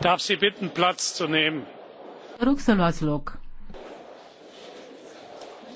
darf sie bitten platz zu nehmen. Vă rog să loc.